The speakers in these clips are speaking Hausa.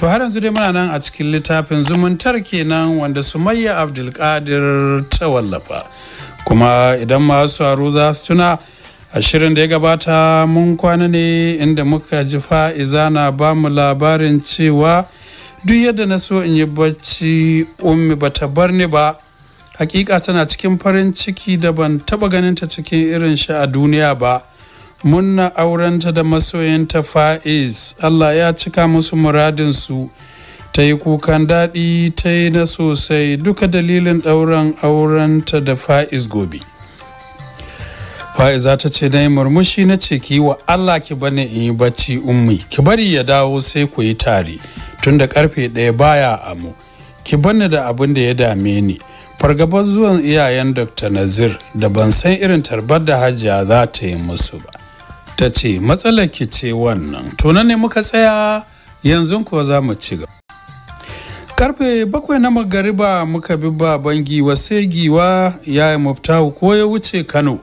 to har yanzu dai muna nan a cikin littafin zumuntar kenan wanda sumayya abdulkadir ta wallafa kuma idan masu saro za su tuna ashirin da ya gabata mun kwana ne inda muka ji fa'iza na ba mu labarin cewa duk yadda na so in yi bacci ummi ba ta bar ni ba hakika tana cikin farin ciki da ban taba ganin ta cikin irin shi a duniya ba munna aurenta da masoyanta fa'iz Allah ya cika musu muradinsu ta yi kukan daɗi ta yi na sosai duka dalilin ɗauran aurenta da fais gobe fa'iza ta ce na yi murmushi na ce ki wa Allah ki bane in yi bacci ummi ki bari ya dawo sai ku yi tare tun da karfe ɗaya baya amu ki bane da abin da ya dame ni fargabar zuwan iyayen dr nazir da ban san irin tarbar da hajiya za ta yi musu ba ta ce matsalar ki ce wannan tunan ne muka tsaya yanzu kuwa za mu ci gaba karfe bakwai na magariba muka bi baban giwa sai giwa ya yi ko ya wuce kano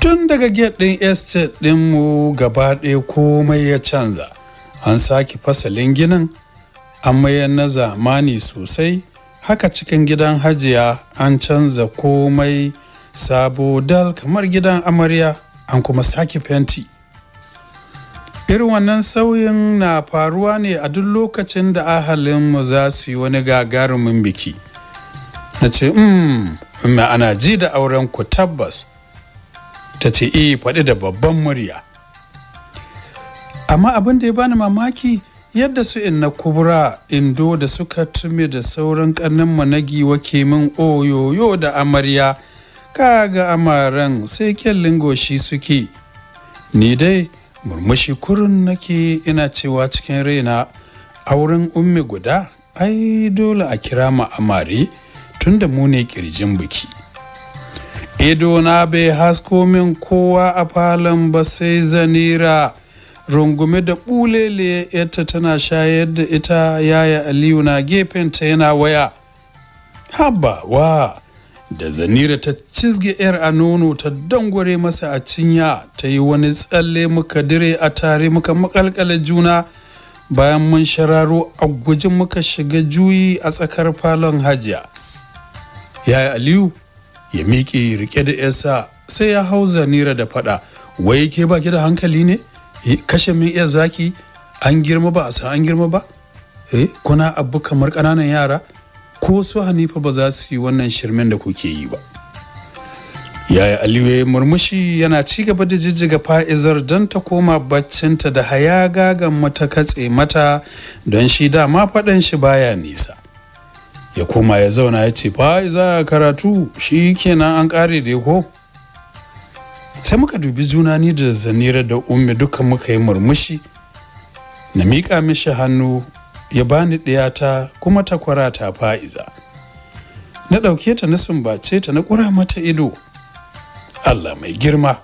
tun daga gate ɗin estate ɗinmu gaba ɗaya komai ya canza an sake fasalin ginin an mayar na zamani sosai haka cikin gidan hajiya an canza komai sabo dal kamar gidan amarya an kuma sake fenti irin wannan sauyin na faruwa ne a duk lokacin da ahalinmu za su yi wani gagarumin biki na ce "Mmm, ana ji da auren ku tabbas ta ce iya eh, faɗi da babban murya amma abin da ya bani mamaki yadda su in na kubura indo da suka tume da sauran ƙannenmu na giwa ke min oyoyo da amarya ga amaren sai kyallin goshi suke ni dai murmushi kurun nake ina cewa cikin raina a wurin ummi guda ai dole a kira ma amare tunda mu ne kirjin biki ido na bai hasko min kowa a falon ba sai zanira rungume da bulele yadda tana shayar da ita yaya aliyu na gefen ta yana waya haba wa da zanira ta cizge yar a nono ta dangware masa a cinya ta yi wani tsalle muka dire a tare muka makalkala juna bayan mun shararo a gujin muka shiga juyi a tsakar falon hajiya yaya aliyu ya miƙe rike da yasa sai ya hau zanira da fada wai ke baki da hankali ne eh, kashe min iya zaki an girma ba a san an girma ba eh, kuna abu kamar ƙananan yara ko su hanifa ba za su yi wannan shirmen da kuke yi ba yaya aliyu ya murmushi yana ci gaba da jijjiga fa'izar don ta koma baccinta da haya gagan mata katse mata don shi dama faɗan shi baya nisa ya koma ya zauna ya ce fa'iza karatu shi kenan an ƙare da ko sai muka dubi juna ni da zanira da ummi duka muka yi murmushi na miƙa mishi hannu ya bani ɗiyata kuma ta kwara ta fa'iza na ɗauke ta na sumbace ta na ƙura mata ido allah mai girma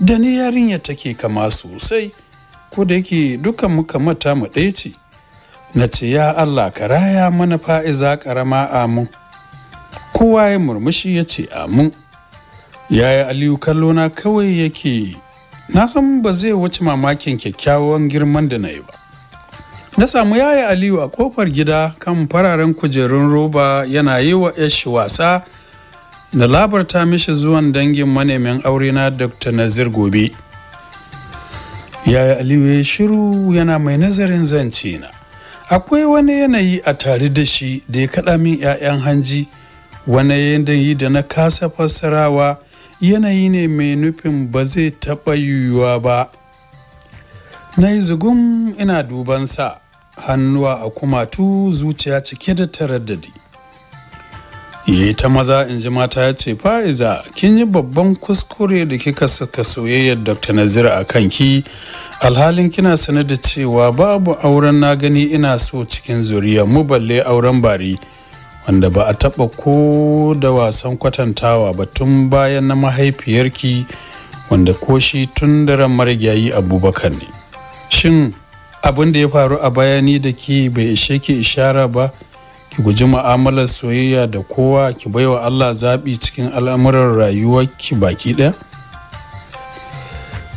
da ni yarinyar take kama sosai ko da yake dukan muka mata mu ɗaya ce na ce ya allah ka raya mana fa'iza ƙarama amin kowa ya murmushi ya ce amin yi aliyu na kawai yake na san ba zai wuce mamakin kyakkyawan girman da na yi ba na samu yaya aliyu a kofar gida kan fararen kujerun roba yana yi wa yashi wasa na labarta mishi zuwan dangin manemin aure na dr nazir gobe yaya aliyu ya shiru yana mai nazarin zance na akwai wani yanayi a tare da shi da ya kaɗa min 'ya'yan hanji wani yanayi da na kasa fassarawa yanayi ne mai nufin ba zai taɓa yiwuwa ba na yi zugun ina duban sa hannuwa a kumatu zuciya cike da taraddadi yi ta maza in ji mata ya ce fa'iza kin yi babban kuskure da kika saka soyayyar dr nazira a kanki alhalin kina sane da cewa babu auren na gani ina so cikin zuriya mu balle auren bari wanda ba a taba ko da wasan kwatantawa ba tun bayan na mahaifiyarki wanda ko shi tun daren marigayi abubakar ne shin abin da ya faru a bayani da ki bai ishe ki ishara ba ki guji ma'amalar soyayya da kowa ki baiwa Allah zaɓi cikin al'amuran rayuwarki baki ɗaya?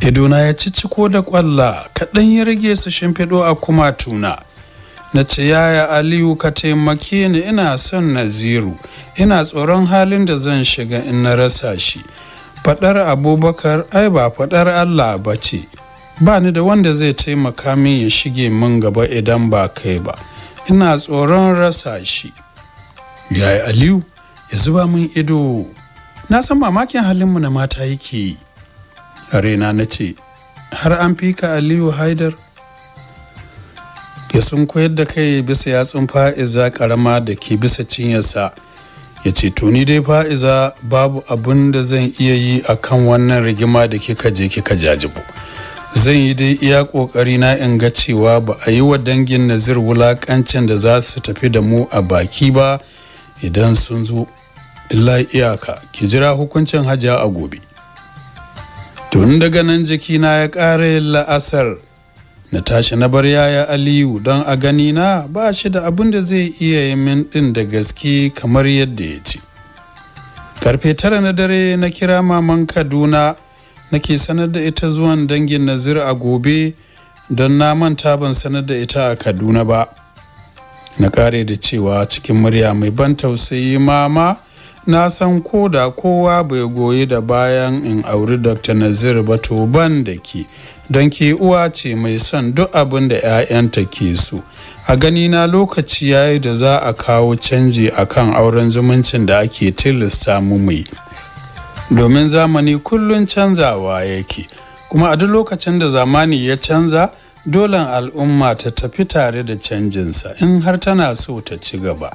idona ya ci ciko da ƙwalla kaɗan ya rage su shimfiɗo a kuma tuna na ce yaya aliyu ka taimake ni ina son naziru ina tsoron halin da zan shiga in na rasa shi faɗar abubakar ai ba faɗar allah ba ce ba ni da wanda zai taimaka min ya shige min gaba idan ba kai ba ina tsoron rasa shi yayi aliyu ya zuba min ido na san mamakin halinmu na mata yake arena na ce har an fi ka aliyu haidar ya sun koyar da kai bisa yatsun fa'iza karama da ke bisa cinyarsa ya ce tuni dai fa'iza babu abin da zan iya yi a kan wannan rigima da kika je kika jajibu zan yi dai iya kokari na in ga cewa ba a yi wa dangin nazir wulakancin da za su tafi da mu a baki ba idan sun zo illa iyaka ki jira hukuncin hajiya a gobe tun daga nan jiki na ya ƙara la'asar na tashi na bar yaya aliyu don a gani na ba shi da abin da zai iya yi min ɗin da gaske kamar yadda ya ce karfe tara na dare na kira maman kaduna nake sanar da ita zuwan dangin nazir a gobe don na manta ban sanar da ita a kaduna ba na kare da cewa cikin murya mai ban tausayi mama na san ko da kowa bai goyi da bayan in auri dr nazir ba to ban da ke don ke uwa ce mai son duk abin da 'ya'yanta ke so a gani na lokaci yayi da za a kawo canji akan auren zumuncin da ake tilasta mu mai domin zamani kullum canzawa yake kuma a duk lokacin da zamani ya canza dolan al'umma ta tafi tare da canjinsa in har tana so ta ci gaba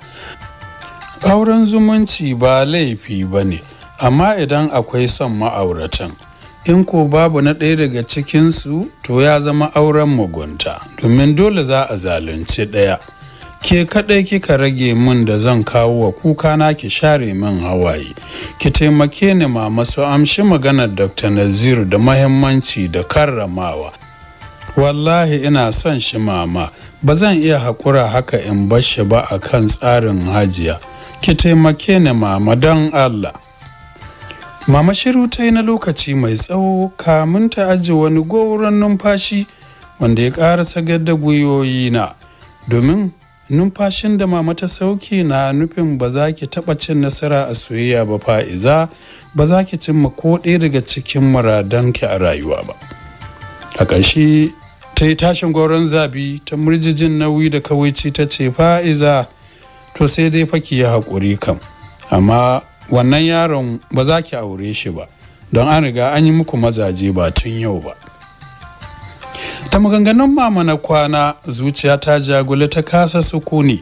auren zumunci ba laifi ba ne amma idan akwai son ma'auratan in ko babu na ɗaya daga cikinsu to ya zama auren mugunta domin dole za a zalunci ɗaya ke kadai kika rage min da zan kawo wa kuka na ki share min hawaye ki taimake ni mama su amshi maganar dr nazir da mahimmanci da karramawa wallahi ina son shi mama ba zan iya haƙura haka in bar shi ba a kan tsarin hajiya ki taimake ni mama don allah mama shiru ta yi na lokaci mai tsawo kamun ta aji wani goron numfashi wanda ya ƙara sagar da gwiwoyi na domin numfashin da mama ta sauke na nufin ba za ki taɓa cin nasara a soyayya ba fa'iza ba za ki cimma ko ɗaya daga cikin ki a rayuwa ba a ƙarshe ta yi tashin gwaron zabi ta murjijin nauyi da kawaici ta ce fa'iza to sai dai fa ki yi haƙuri kam amma wannan yaron ba za ki aure shi ba don an riga an yi muku mazaje ba tun yau ba ta maganganun mama na kwana zuciya ta jagule ta kasa sukuni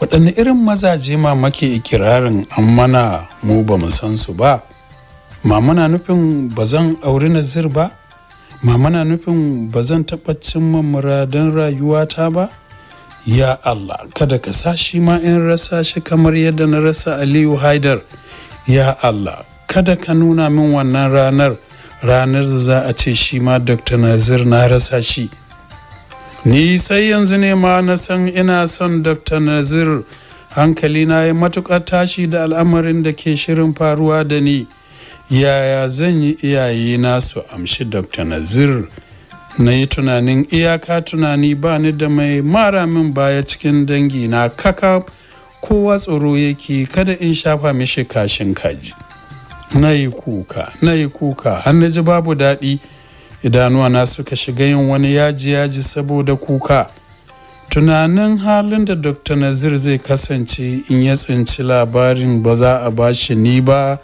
waɗanne irin mazaje ke ikirarin mana mu ba mu san su ba mama na nufin ba zan auri nazir ba mama na nufin ba zan taɓa cimma muradan rayuwata ba ya allah kada ka sa shi ma in rasa shi kamar yadda na rasa aliyu haidar ya allah kada ka nuna min wannan ranar ranar da za a ce shi ma dr nazir na rasa shi ni sai yanzu ne ma na san ina son dr nazir hankali na ya matuƙar tashi da al'amarin da ke shirin faruwa da ni yaya zan yi iyaye na su amshi dr nazir na yi tunanin iyaka tunani ba ni da mai mara min baya cikin dangi na kaka kowa tsoro yake kada in shafa mishi kashin kaji na yi kuka na yi kuka har na ji babu daɗi idanuwa na suka shiga yin wani yaji yaji saboda kuka tunanin halin da dr nazir zai kasance in ya tsinci labarin ba za a bashi ni ba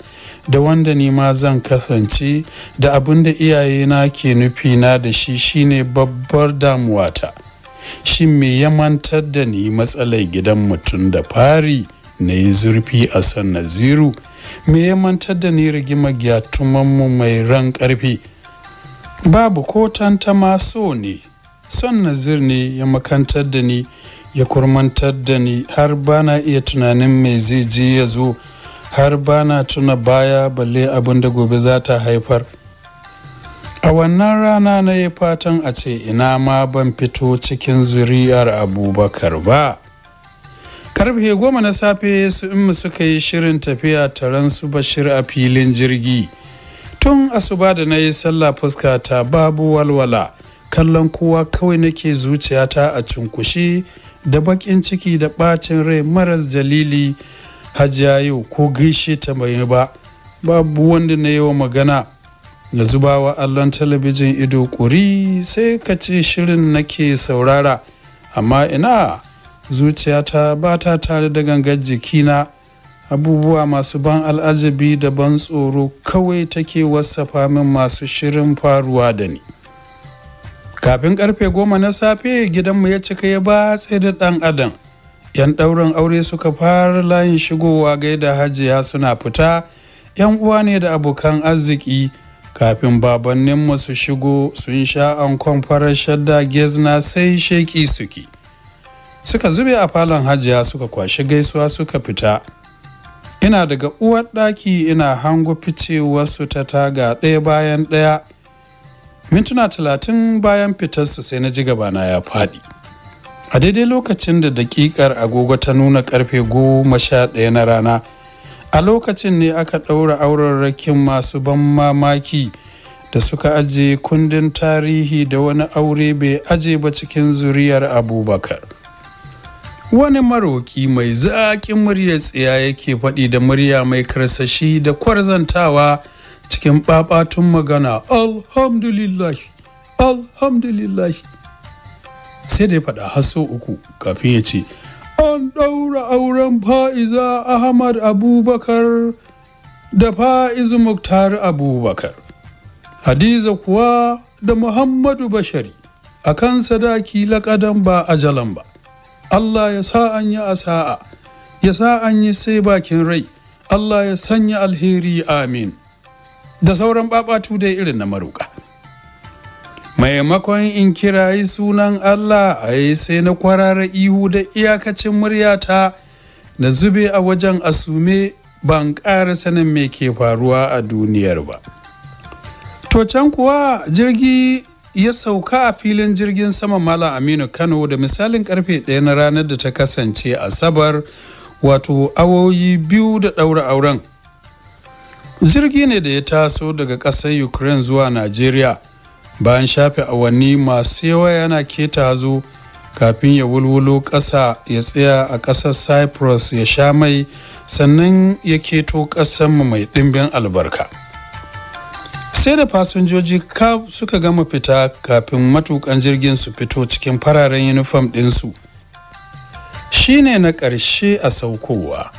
da wanda ni ma zan kasance da abin da iyayena ke nufi na da shi shine babbar damuwata shi mai ya mantar da ni matsalar gidan mutum da fari na yi zurfi a san naziru me ya mantar da ni rigimar gyatumanmu mai ran ƙarfi babu ko tantama maso ne son nazir ne ya makantar da ni ya kurmantar da ni har bana iya tunanin mai zai je ya zo har bana tuna baya balle abin da gobe za ta haifar a wannan rana na yi fatan a ce ina ma ban fito cikin zuri'ar abubakar ba karfe goma na safe su mu suka yi shirin tafiya taron su bashir a filin jirgi tun asuba da na yi sallah fuska ta babu walwala kallon kowa kawai nake zuciyata a cunkushi da bakin ciki da bacin rai maras jalili hajiya yau ko gaishe ta bai ba babu wanda na yi wa magana da zubawa allon talabijin ido kuri sai ka ce shirin nake saurara amma ina zuciyata ba ta tare da gangar jikina abubuwa masu ban al'ajabi da ban tsoro kawai take wasafa min masu shirin faruwa da ni kafin karfe goma na safe gidanmu ya cika ya ba sai da ɗan adam yan ɗaurin aure suka fara layin shigowa gaida hajiya suna fita yan uwa ne da abokan arziki kafin babanninmu su shigo sun sha ankon farar shadda gezna sai sheki suki suka zube a falon hajiya suka kwashi gaisuwa suka fita ina daga uwar ɗaki ina hango ficewarsu ta taga ɗaya bayan ɗaya mintuna talatin bayan fitarsu sai na ji gabana ya faɗi a daidai lokacin da daƙiƙar agogo ta nuna ƙarfe goma sha ɗaya na rana a lokacin ne aka ɗaura aurarrakin masu ban mamaki da suka aje kundin tarihi da wani aure bai aje ba cikin zuriyar abubakar wani maroki mai zaƙin muryar tsiya yake faɗi da murya mai karsashi da kwarzantawa cikin ɓaɓatun magana alhamdulillahi alhamdulillahi sai da ya faɗa haso uku kafin ya ce an ɗaura auren fa'iza ahmad abubakar da fa'izu muktar abubakar hadiza kuwa da muhammadu bashari a kan sadaki laƙadan ba jalan ba Allah ya sa an yi asa'a ya sa an yi sai bakin rai Allah ya sanya alheri amin da sauran babatu dai irin na maruka maimakon in kirayi sunan Allah a yi sai na kwarara ihu da iyakacin muryata na zube a wajen asume ban ƙara sanin me ke faruwa a duniyar ba to can kuwa jirgi ya sauka a filin jirgin sama Malam Aminu Kano da misalin karfe ɗaya na ranar da ta kasance Asabar wato awoyi biyu da ɗaura auren. Jirgi ne da ya taso daga ƙasar Ukraine zuwa Najeriya bayan shafe awanni masu yawa yana keta zo kafin ya wulwulo ƙasa ya tsaya a ƙasar Cyprus ya sha mai sannan ya keto ƙasar mai ɗimbin albarka. sai da fasinjoji kaf suka gama fita kafin matukan jirgin su fito cikin fararen yunifam ɗinsu ne na ƙarshe a saukowa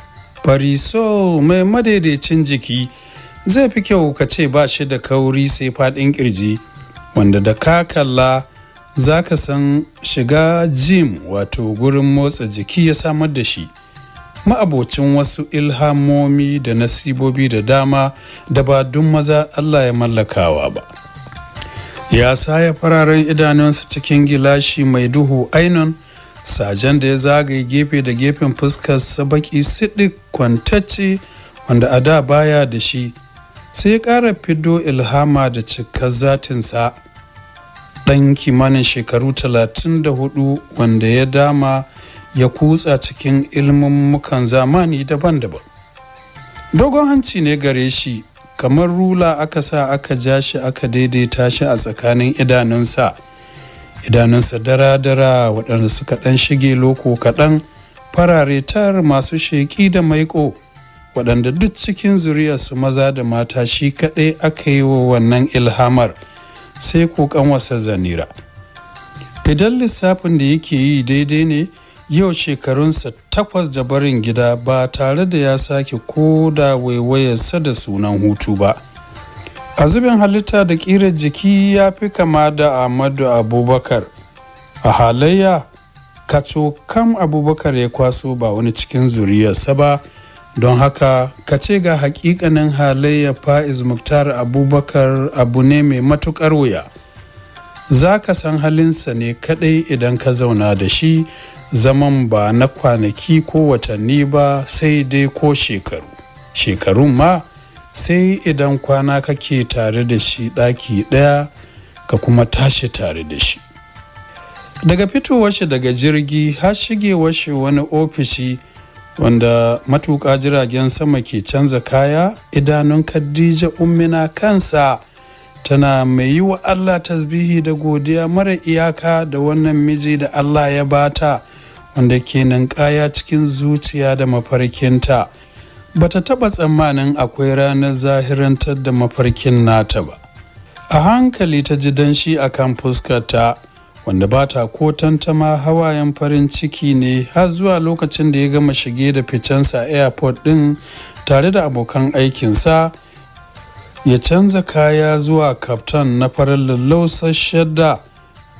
farisol mai madaidaicin jiki zai fi kyau ka ce ba shi da kauri sai faɗin ƙirji wanda da ka kalla za ka san shiga jim wato gurin motsa jiki ya samar da shi ma'abocin wasu ilhamomi da nasibobi da dama da ba dun maza Allah ya mallakawa ba. Ya saya fararen idanunsa cikin gilashi mai duhu ainon, sajan da ya zagaye gefe da gefen fuskar baki siɗi kwantacce wanda a da baya da shi, sai ya ƙara fido ilhama da cikar zatinsa. Ɗan kimanin shekaru talatin da hudu wanda ya dama ya kutsa cikin ilmummukan zamani daban-daban dogon hanci ne gare shi kamar rula aka sa aka ja shi aka daidaita shi a tsakanin idanunsa idanunsa dara-dara waɗanda suka ɗan shige loko kaɗan farare tar masu sheƙi da maiƙo waɗanda duk cikin su maza da mata shi kaɗai aka yi wa wannan ilhamar sai kokan wasa zanira idan lissafin da yake yi daidai ne yau shekarunsa takwas da barin gida ba tare da ya sake ko da waiwayarsa da sunan hutu ba a zubin halitta da ƙirar jiki ya fi kama da ahmadu abubakar a halayya kaco kam abubakar ya kwaso ba wani cikin zuriyarsa ba don haka ka ce ga hakikanin halayya fa'iz muktar abubakar abu ne mai matuƙar wuya za ka san halinsa ne kaɗai idan ka zauna da shi zaman ba na kwanaki ko watanni ba sai dai ko shekaru shekarun ma sai idan kwana kake tare da shi ɗaki ɗaya ka kuma tashi tare da shi daga fitowar shi daga jirgi har shigewar shi wani ofishi wanda matuƙa jiragen sama ke canza kaya idanun khadija ummina kansa tana mai yi wa allah tasbihi da godiya mara iyaka da wannan miji da allah ya bata wanda ke ninƙaya cikin zuciya da mafarkinta ba ta taɓa tsammanin akwai ranar zahirantar da mafarkin nata ba a hankali ta ji danshi a kan fuskarta wanda ba ta ko tantama hawayen farin ciki ne har zuwa lokacin da ya gama shige da ficensa airport ɗin tare da abokan aikinsa ya canza kaya zuwa kaftan na farin lallausar shadda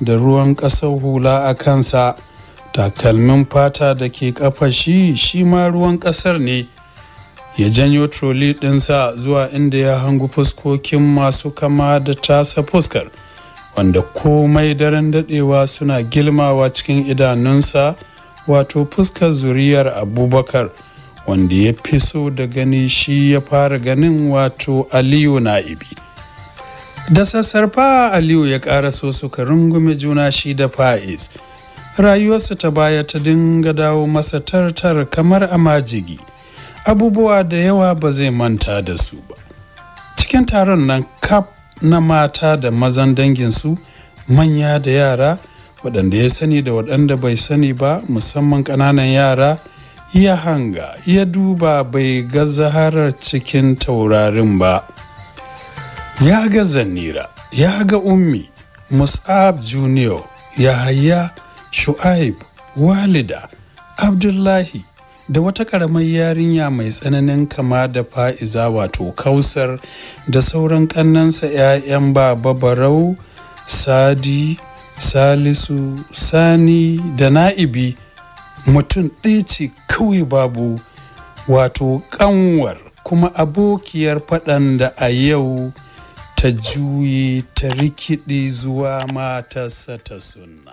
da ruwan ƙasar hula a kansa. takalmin fata da ke kafa shi shi ma ruwan ƙasar ne ya janyo troli ɗinsa zuwa inda ya hangu fuskokin masu kama da tasa fuskar wanda komai daren daɗewa suna gilmawa cikin idanunsa wato fuskar zuriyar abubakar wanda ya fi so da gani shi ya fara ganin wato aliyu na'ibi da sassarfa aliyu ya ƙara so suka rungume juna shi da fa'is rayuwarsa ta baya ta dinga dawo masa tartar kamar a majigi abubuwa da yawa ba zai manta da su ba cikin taron nan kaf na mata da mazan danginsu manya da yara waɗanda ya sani da waɗanda bai sani ba musamman ƙananan yara ya hanga ya duba bai ga zaharar cikin taurarin ba ya ga zanira ya ga ummi mus'ab junior ya haya shu'aib walida abdullahi da wata ƙaramar yarinya mai tsananin kama da fa'iza wato kausar da sauran kannansa 'ya'yan baba barau sadi salisu sani da na'ibi mutum ɗaya ce kawai babu wato ƙanwar kuma abokiyar faɗan da a yau ta juye ta rikidi zuwa matarsa ta sunna